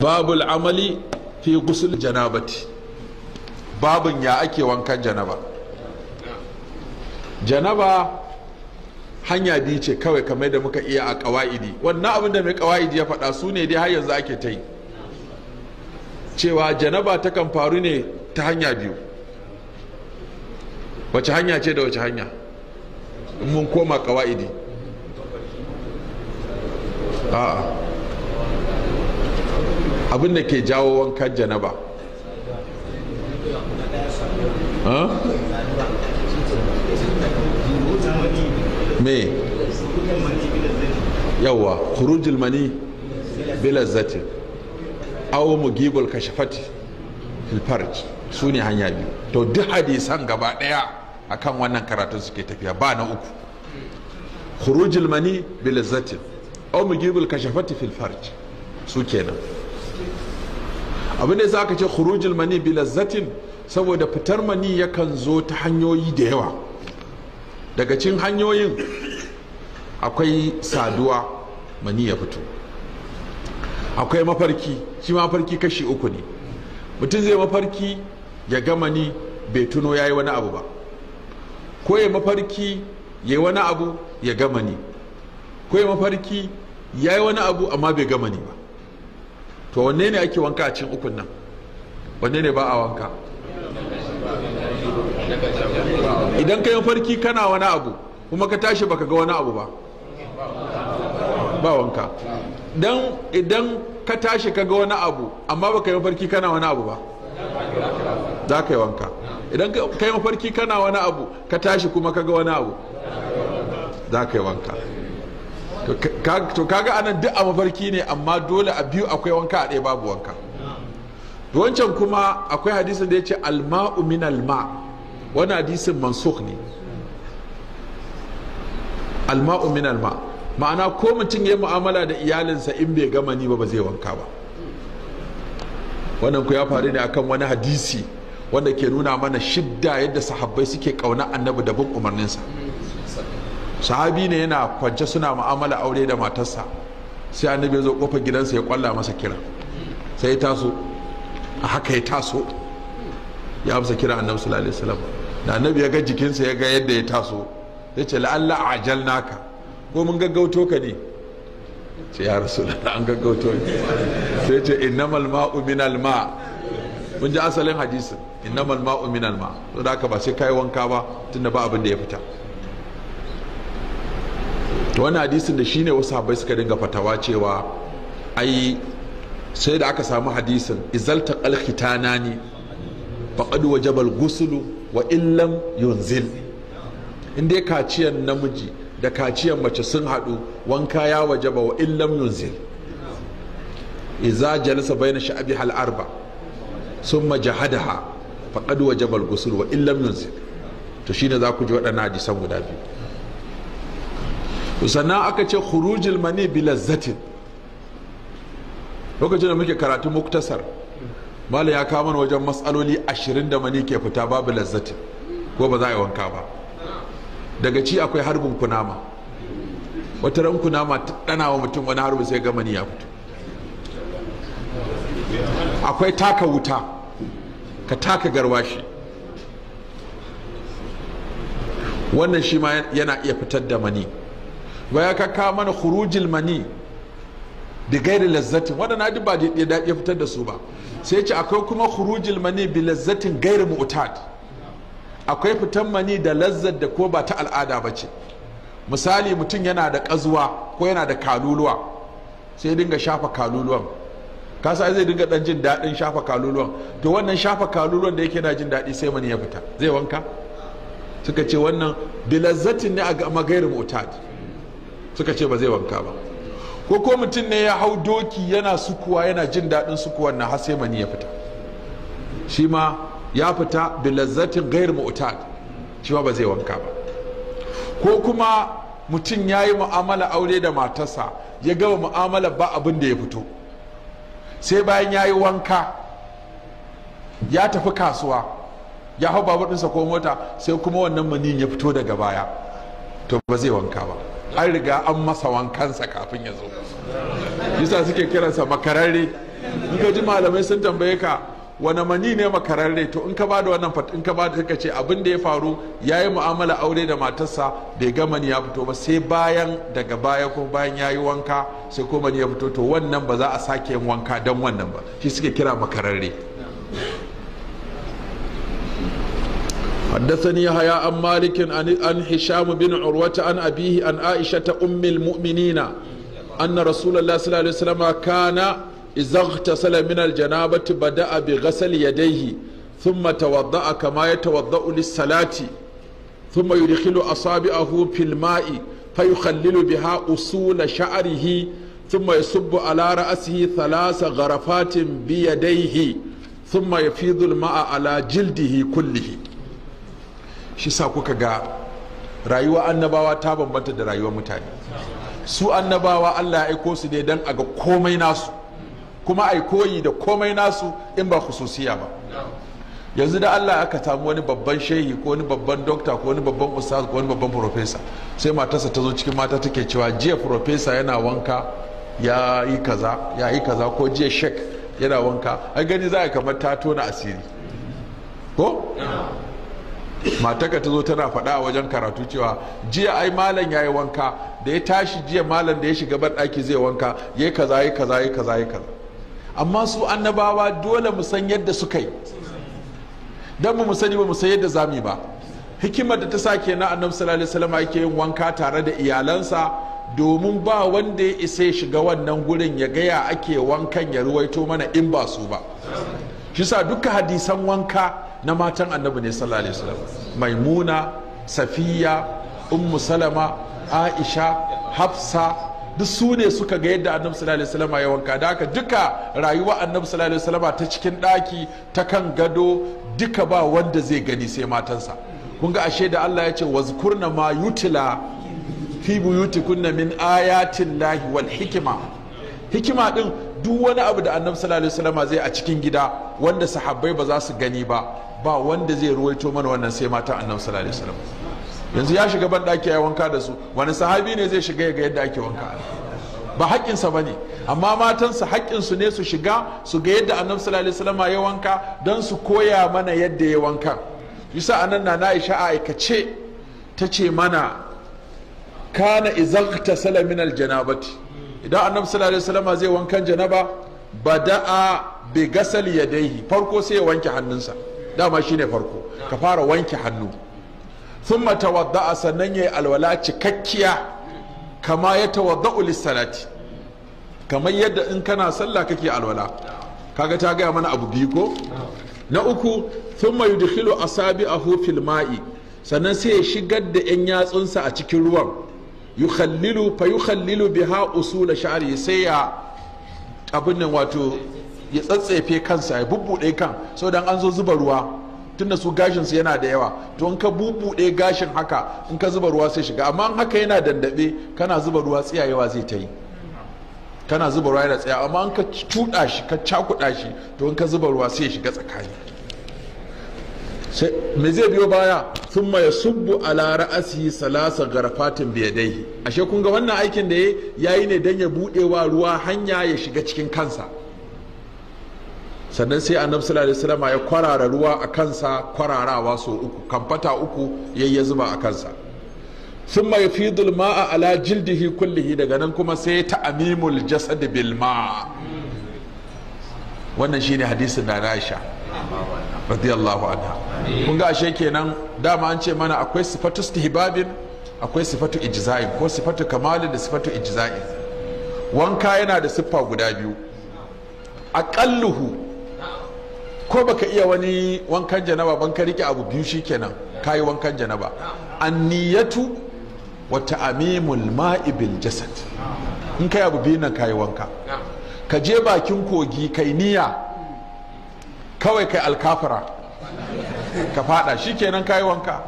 babul amali fi gusul janabati babin ya ake wankan janaba janaba hanya biyu ce kawai kamar da muka iya a kawa'idi wannan abin da mai kawa'idi ya faɗa su ne dai har yanzu ake ta yi cewa janaba takan faru ne ta hanya biyu wace hanya ce da wace hanya mun koma kawa'idi abin da ke jawo wankan janaba me yawwa khurujul mani bilazzatin aw mugibul kashafati fil su ne hanya biyu to duk hadisan gaba daya akan wannan karatun suke tafiya ba na uku khurujul mani bilazzatin mu mugibul kashafati fil su kenan abin da yasa ka ce khurujul mani bilazzatin saboda fitar mani yakan zo ta hanyoyi da yawa daga cin hanyoyin akwai saduwa mani ya fito akwai mafarki shi mafarki kashi uku ne mutum zai mafarki ya ga ni bai tuno ya yi wani abu ba ko ya mafarki ya yi wani abu ya gama ko ya mafarki ya yi wani abu amma bai gama ni ba to wanne ne ake wanka a cikin ukun nan wanne ne ba a wanka idan ka yi farki kana wani abu kuma ka tashi baka ga wani abu ba ba wanka dan idan ka tashi ka ga wani abu amma baka yi farki kana wani abu ba za ka yi wanka idan ka yi mafarki kana wani abu ka tashi kuma ka ga wani abu za ka yi wanka to kaga anan duk a mafarki ne amma dole a biyu akwai wanka a ɗaya babu wanka wancan kuma akwai hadisin da ya ce alma'u min alma wani hadisin mansuk ne alma'u min alma ma'ana ko mutum ya mu'amala da iyalinsa in bai gama ni ba ba zai wanka ba wannan ku ya faru ne akan wani hadisi wanda ke nuna mana shidda yadda sahabbai suke kauna annabi da bin umarninsa sahabi ne yana kwance suna mu'amala aure da matarsa sai annabi ya zo kofar gidansa ya kwalla masa kira sai ya taso a haka ya taso ya amsa kira annabi sallallahu alaihi wasallam da annabi ya ga jikinsa ya ga yadda ya taso ya ce la'alla ajal naka ko mun gaggauto ka ne ce ya rasu an gaggauto ne sai ce innamal ma'u minal ma mun ji asalin hadisin innamal ma'u minal ma to da haka ba sai kai wanka ba tunda ba abin da ya fita to wani hadisin da shine wasu habai suka dinga fatawa cewa ai sai da aka samu hadisin izalta alkhitana ne faqad wa jabal gusulu wa illam yunzil inda dai kaciyan namiji da kaciyan mace sun haɗu wanka ya jaba wa illam yunzil iza bai na sha'abi hal arba summa ha faqad wa jabal gusulu wa illam yunzil to shine za ku ji waɗannan hadisan guda biyu sannan aka ce khurujul mani bi lazzatin lokacin da muke karatu muktasar mala ya kama wajen matsaloli ashirin da mani ke fita babu lazzatin ko ba za a yi wanka ba daga ci akwai harbin kunama wata ran kunama ta wa mutum wani harbi sai ga mani ya fito akwai taka wuta ka taka garwashi wannan shi ma yana iya fitar da mani ba ya kaka mana khurujil mani da gairi lazzatin waɗanda duk ba ya daɗi ya fitar da su ba sai ce akwai kuma khurujil mani bi lazzatin gairi mu'tad akwai fitan mani da lazzat da ko ba ta al'ada ba ce misali mutum yana da kazuwa ko yana da kaluluwa sai dinga shafa kaluluwan kasa zai dinga dan jin daɗin shafa kaluluwan to wannan shafa kaluluwan da yake na jin daɗi sai mani ya fita zai wanka suka ce wannan bi lazzatin ne a magairin mu'tad suka ce ba zai wanka ba ko ko mutum ne ya hau doki yana sukuwa yana jin daɗin sukuwan na har sai mani ya fita shi ma ya fita bi lazzatin gair mu'tad shi ba zai wanka ba ko kuma mutum ya yi mu'amala aure da matarsa ya gama mu'amala ba abin da ya fito sai bayan ya yi wanka ya tafi kasuwa ya hau babu ɗinsa ko mota sai kuma wannan manin ya fito daga baya to ba zai wanka ba an riga an masa wankansa kafin ya zo yasa suke kiransa makararre in ka ji malamai sun tambaye ka wani mani ne makararre to in ka ba da wannan in ka ba da suka ce abin da ya faru ya yi mu'amala aure da matarsa bai ga mani ya fito ba sai bayan daga baya ko bayan ya yi wanka sai ko mani ya fito to wannan ba za a sake yin wanka don wannan ba shi suke kira makararre حدثني يحيى عن مالك عن هشام بن عروة عن أبيه عن عائشة أم المؤمنين أن رسول الله صلى الله عليه وسلم كان إذا اغتسل من الجنابة بدأ بغسل يديه ثم توضأ كما يتوضأ للصلاة ثم يدخل أصابعه في الماء فيخلل بها أصول شعره ثم يصب على رأسه ثلاث غرفات بيديه ثم يفيض الماء على جلده كله shi sa kuka ga rayuwa annabawa ta bambanta da rayuwar mutane su annabawa allah ya aiko su ne don a ga komai nasu kuma ai koyi da komai nasu in ba khususiya ba yanzu da allah aka samu wani babban shehi ko wani babban dokta ko wani babban ustaz ko wani babban profesa sai matarsa ta zo cikin mata take cewa jiya profesa yana wanka ya yi kaza ya yi kaza ko jiya shek yana wanka an gani za a kamar ta tona asiri ko mataka ta zo tana faɗa a wajen karatu cewa jiya ai malam ya yi wanka da ya tashi jiya malam da ya shiga banɗaki zai wanka ya yi kaza ya kaza ya kaza ya kaza amma su annabawa dole mu san yadda suka yi don mu sani ba mu san yadda zami ba hikimar da ta sa kenan annabi sallallahu alaihi wasallam yake yin wanka tare da iyalansa domin ba wanda ya isa ya shiga wannan gurin ya gaya ake wankan ya ruwaito mana in ba su ba shi sa duka hadisan wanka na matan annabi ne sallallahu alaihi wasallam maimuna safiya ummu salama aisha hafsa duk su ne suka ga yadda annabi sallallahu alaihi wasallam ya wanka da haka duka rayuwa annabi sallallahu alaihi wasallam ta cikin daki ta kan gado duka ba wanda zai gani sai matansa kun ga ashe da Allah ya ce wazkurna ma yutila fi buyutikunna min ayatin lahi wal hikima hikima din duk wani abu da annabi sallallahu alaihi wasallam zai a cikin gida wanda sahabbai ba za su gani ba ba wanda zai ruwaito mana wannan sai mata annabi sallallahu alaihi yanzu ya shiga ban daki ya wanka da su wani sahabi ne zai shiga ya ga yadda ake wanka ba haƙƙinsa ba ne amma matansa haƙƙinsu ne su shiga su ga yadda annabi sallallahu alaihi wasallam ya wanka don su koya mana yadda ya wanka Yusa anan na Aisha a aikace ta ce mana kana izaqta salamin aljanabati idan annabi sallallahu alaihi wasallam zai wankan janaba bada'a bi ya yadayhi farko sai ya wanke hannunsa dama shine farko ka fara wanke hannu thumma tawadda'a sannan yayi alwala cikakkiya kama ya tawadda'u lis kamar yadda in kana sallah kake alwala kaga ta gaya mana abu biyu ko na uku a sabi a fil ma'i sannan sai ya shigar da yan yatsunsa a cikin ruwan khallilu fa yukhallilu biha usula sha'ri sai ya abin nan wato ya tsatsefe kansa ya bubbuɗe kan Sau an zo zuba ruwa tunda su gashinsu yana da yawa to in ka bubbuɗe gashin haka in ka zuba ruwa sai shiga amma in haka yana dandaɓe. kana zuba ruwa tsiyayewa zai ta yi kana zuba ruwa yana tsaya amma in ka cuɗa shi ka cakuɗa shi to in ka zuba ruwa sai shiga tsakani me zai biyo baya sun ya subbu ala ra'asi salasa garafatin biyadai ashe kun ga wannan aikin da ya yi ne don ya buɗe wa ruwa hanya ya shiga cikin kansa sannan sai annabi sallallahu alaihi wasallam ya kwarara ruwa a kansa kwararawa so uku kamfata uku yayya zuba a kansa thumma yafidul ma'a ala jildihi kullihi daga nan kuma sai ta'mimul jasad bil ma' wannan shine hadisin na Aisha radiyallahu anha kun ga ashe kenan dama an ce mana akwai sifatu istihbabin akwai sifatu ijza'in ko sifatu kamalin da sifatu ijza'in wanka yana da siffa guda biyu aqalluhu ko baka iya wani wankan janaba ban ka rike abu biyu shikenan yi wankan janaba anniyatu wa ta'mimul ma'i bil jasad in kai abu biyu nan kayi wanka ka je bakin kogi kai niyya kawai kai alkafara ka fada shikenan kayi wanka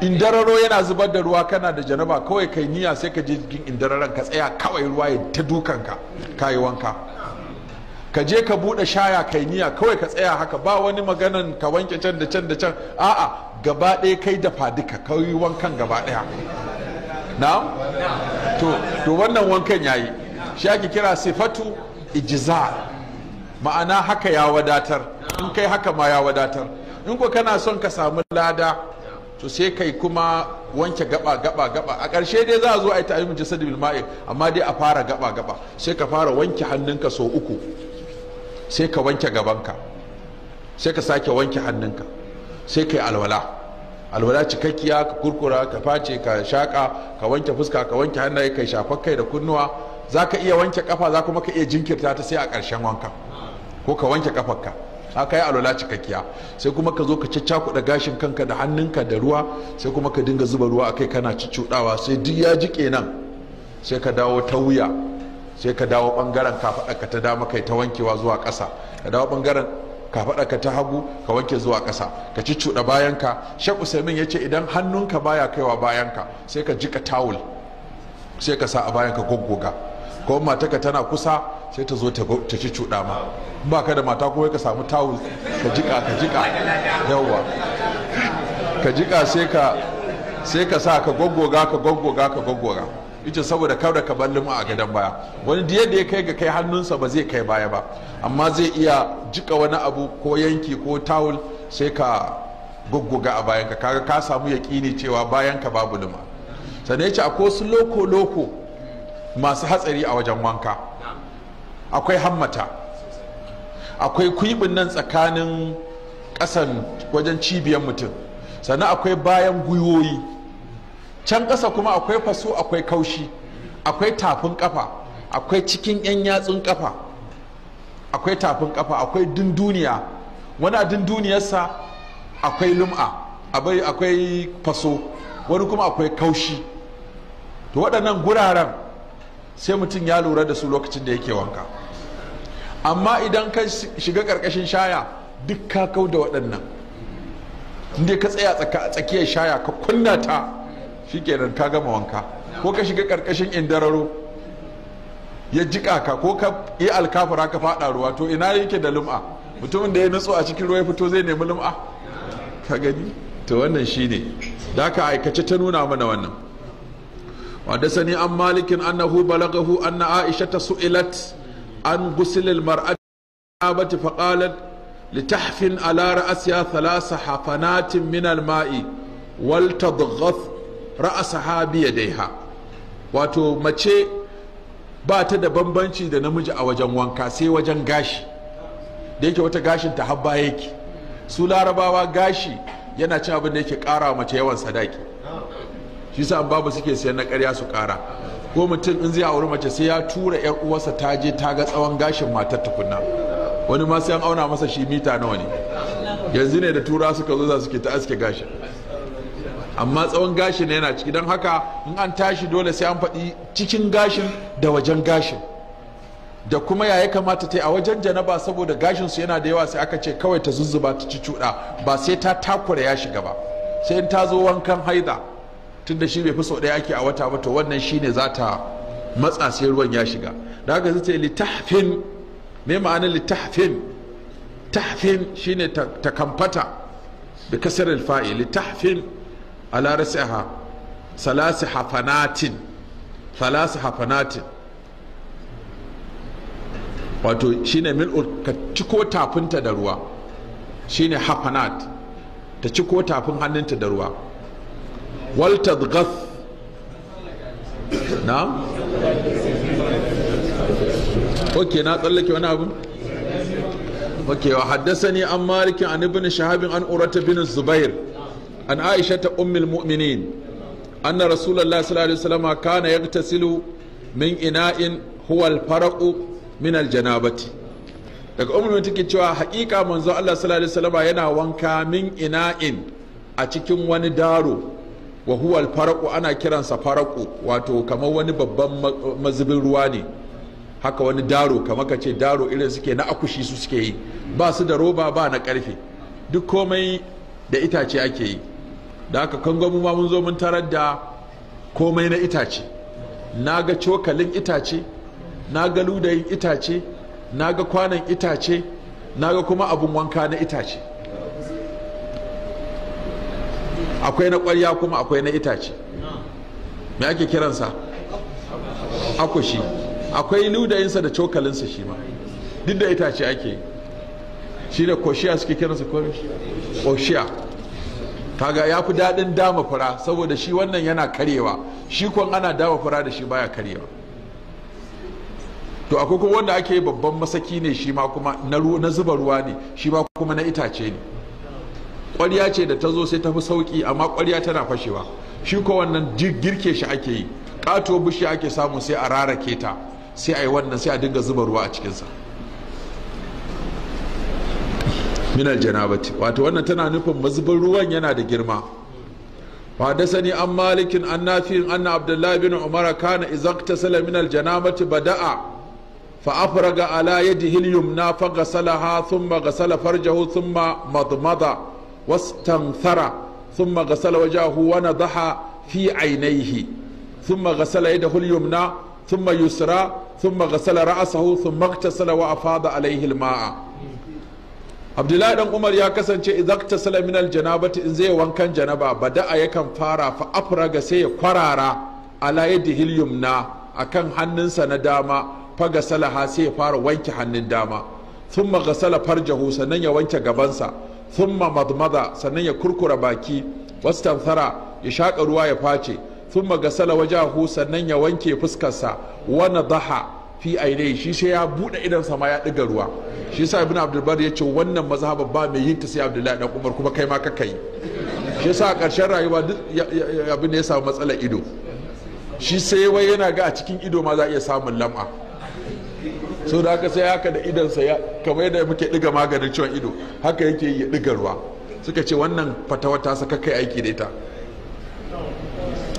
indararo yana zubar da ruwa kana da janaba kawai kai niyya sai ka je jikin indararan ka tsaya kawai ruwa ya ta dukanka kayi wanka ka je ka buɗe shaya kai niya kawai ka tsaya haka ba wani maganan ka wanke can da can da can a'a gaba ɗaya kai dafa duka ka yi wankan gaba ɗaya na to to wannan wankan yayi shi ake kira sifatu ijiza, ma'ana haka ya wadatar in kai haka ma ya wadatar in ko kana son ka samu lada to sai kai kuma wanke gaba gaba gaba a ƙarshe dai za a zo a yi mu jasadin bilma'i amma dai a fara gaba gaba sai ka fara wanke hannunka sau uku sai ka wanke gabanka sai ka sake wanke hannunka sai ka yi alwala alwala cikakkiya ka kurkura ka face ka shaƙa ka wanke fuska ka wanke hannaye ka shafar kai da kunnuwa za ka iya wanke kafa za kuma ka iya jinkirta ta sai a ƙarshen wanka ko ka wanke kafarka ka yi alwala cikakkiya sai kuma ka zo ka da gashin kanka da hannunka da ruwa sai kuma ka dinga zuba ruwa akai kana cuccuɗawa sai duk ya jike nan sai ka dawo ta wuya sai ka dawo bangaren kafaɗarka ta dama kai ta wankewa zuwa ƙasa ka dawo bangaren kafaɗarka ta hagu ka wanke zuwa ƙasa ka ci cuɗa bayanka shek usaimin ya ce idan hannunka baya kaiwa bayanka sai ka jika tawul sai ka sa a bayanka goggoga ko mataka tana kusa sai ta zo ta ci cuɗa ma ba ka da mata ko ka samu tawul ka jika ka jika yawwa ka jika sai ka sai ka sa ka goggoga ka goggoga ka goggoga ita saboda kada ka bar limu a gadon baya wani da ya kai ga kai hannunsa ba zai kai baya ba amma zai iya jika wani abu ko yanki ko tawul sai ka gugguga a bayanka kaga ka samu yaƙini cewa ka babu lima sannan ya ce akwai wasu loko-loko masu hatsari a wajen wanka akwai hammata akwai kuibin nan tsakanin ƙasan wajen cibiyar mutum sannan akwai bayan gwiwoyi can ƙasa kuma akwai faso akwai kaushi akwai tafin kafa akwai cikin 'yan yatsun kafa akwai tafin kafa akwai dunduniya wani dunduniyarsa akwai lum'a akwai faso wani kuma akwai kaushi to waɗannan guraren sai mutum ya lura da su lokacin da yake wanka amma idan ka shiga ƙarƙashin shaya duk ka kau da waɗannan inda ka tsaya tsakiyar shaya ka kunna ta shikenan ka gama wanka ko ka shiga karkashin indararo ya jika ka ko ka yi alkafura ka fada ruwa to ina yake da lum'a mutumin da ya nutso a cikin ruwa ya fito zai nemi lum'a ka gani to wannan shine da ka aikace ta nuna mana wannan wanda sani an malikin annahu balagahu anna aisha ta su'ilat an gusilil mar'ati abati faqalat litahfin ala ra'siha thalatha hafanatin minal mai wal tadghath ra'a sahabiya ha wato mace ba ta da bambanci da namiji a wajen wanka sai wajen gashi da yake wata gashin ta habba yake su larabawa gashi yana cin abin da yake kara mace yawan sadaki shi sa babu suke sayan na karya su kara ko mutum in zai auri mace sai ya tura yar uwarsa ta je ta ga tsawon gashin matar tukunna wani ma sai an auna masa shi mita nawa ne yanzu ne da tura suka zo za suke ta aske gashin amma tsawon gashin yana ciki don haka in an tashi dole sai an faɗi cikin gashin da wajen gashin da kuma ya ya kamata ta yi a wajen janaba saboda gashin su yana da yawa sai aka ce kawai ta zuzzuba ta ci cuɗa ba sai ta takura ya shiga ba sai in ta zo wankan haida tunda shi bai fi sau ɗaya ake a wata ba to wannan shine za ta matsa sai ruwan ya shiga da haka zai ce litahfin me ma'anar litahfin tahfin shine ta kamfata da kasar alfa'i litahfin ala rasiha salasi hafanatin salasi hafanatin wato shine mil'ul ka ciko tafinta da ruwa shine hafanat ta ciko tafin hannunta da ruwa wal gas na ok na tsallake wani abu ok wa haddasa ne an malikin an ibn shahabin an urata bin zubair an aisha ta ummul mu'minin anna rasulallah sallallahu alaihi wasallam kana yagtasilu min ina'in huwa al-faraqu min al daga ummul take cewa haƙiƙa manzo Allah sallallahu alaihi wasallam yana wanka min ina'in a cikin wani daro wa huwa faraku ana kiransa faraqu wato kamar wani babban mazubin ruwa ne haka wani daro kamar ka ce daro irin suke na akushi su suke yi ba su da roba ba na karfe duk komai da itace ake yi da aka kango mu ma mun zo mun tarar da komai na itace na ga cokalin itace na ga ludayin itace na ga kwanan itace na ga kuma abun wanka na itace akwai na kwarya kuma akwai na itace me ake kiransa akushi akwai ludayinsa da cokalinsa shi ma duk da itace ake shi da koshiya suke kiransa koshiya kaga ya fi daɗin dama fura saboda shi wannan yana karewa shi kwan ana dama fura da shi baya karewa to akwai kuma wanda ake babban masaki ne shi ma kuma na zuba ruwa ne shi ma kuma na itace ne ƙwarya ce da ta zo sai ta fi sauƙi amma ƙwarya tana fashewa shi ko wannan girke shi ake yi ƙato bishiya ake samu sai a rarake ta sai a yi wannan sai a dinga zuba ruwa a cikinsa minal janabati wato wannan tana nufin mazubin ruwan yana da girma wa sani an malikin an nafiyin anna abdullahi bin umar kana izakta sala minal janabati bada'a fa afraga ala yadihi yumna fa ghasalaha thumma ghasala farjahu thumma madmada wastanthara thumma ghasala wajahu wa nadaha fi aynayhi thumma ghasala yadahu yumna thumma yusra thumma ghasala ra'sahu thumma ghtasala wa afada alayhi al abdullahi dan umar ya kasance idakta salaminal janabati in zai wankan janaba bada'a yakan fara fa afraga sai ya kwarara ala hilyum na akan hannunsa na dama faga salaha sai ya fara wanke hannun dama thumma gasala farjahu sannan ya wanke gabansa thumma madmada sannan ya kurkura baki wasu wastanthara ya shaka ruwa ya face thumma ghasala wajahu sannan ya wanke fuskarsa wa nadaha fi ainihi shi sai ya buɗe idan sama ya ɗiga ruwa shi sa ibn abdulbar ya ce wannan mazhaba ba mai yin ta sai abdullahi dan umar kuma kai ma ka kai shi sa a ƙarshen rayuwa duk abin da ya samu matsalar ido shi sai wai yana ga a cikin ido ma za a iya samun lam'a sau da haka sai haka da idansa sa kamar yadda muke ɗiga maganin ciwon ido haka yake yi ya ɗiga ruwa suka ce wannan ta sa kai aiki da ita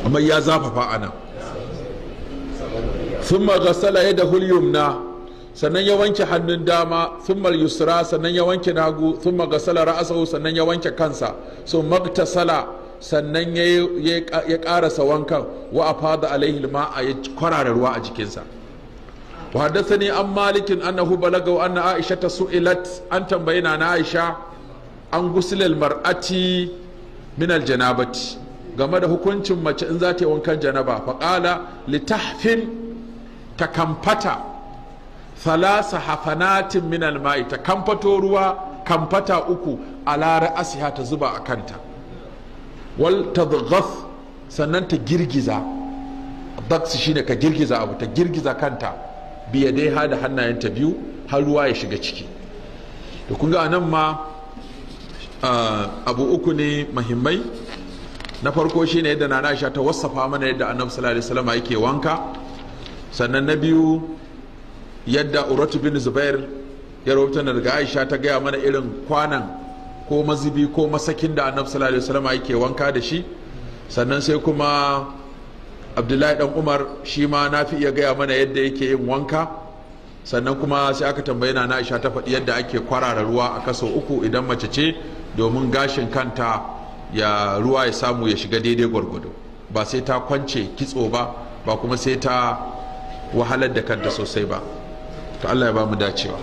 amma ya zafafa a nan Sun magasala ya al na sannan ya wanke hannun dama sun yusra sannan ya wanke nagu sun magasala ra'sahu sannan ya wanke kansa sun magtasala sannan ya karasa wankan wa a afada alaihi a ya kwarara ruwa a jikinsa wa ne an malikin annahu balagaw anna aisha ta su'ilat an tambayi na na aisha an gusilal mar'ati min janabati game da hukuncin mace in za ta yi wankan janaba faƙala littafin. ta kamfata thalasa hafanatin minal ma'i ta kamfato ruwa kamfata uku lara asiya ta zuba a kanta wal tadghath sannan ta girgiza daksi shine ka girgiza abu ta girgiza kanta biya dai ha da hannayenta biyu har ruwa ya shiga ciki da kun ga anan ma abu uku ne mahimmai na farko shine yadda na Aisha ta wasafa mana yadda Annabi sallallahu alaihi wasallam yake wanka sannan na biyu yadda urotu bin zubair ya rahoton daga aisha ta gaya mana irin kwanan ko mazibi ko masakin da annabi sallallahu alaihi wasallam yake wanka da shi sannan sai kuma abdullahi dan umar shi ma na fi iya gaya mana yadda yake yin wanka sannan kuma sai aka tambaye na aisha ta faɗi yadda ake kwarara ruwa a kaso uku idan mace ce domin gashin kanta ya ruwa ya samu ya shiga daidai gwargwado ba sai ta kwance kitso ba ba kuma sai ta wahalar da kanta sosai ba to Allah ya ba mu dacewa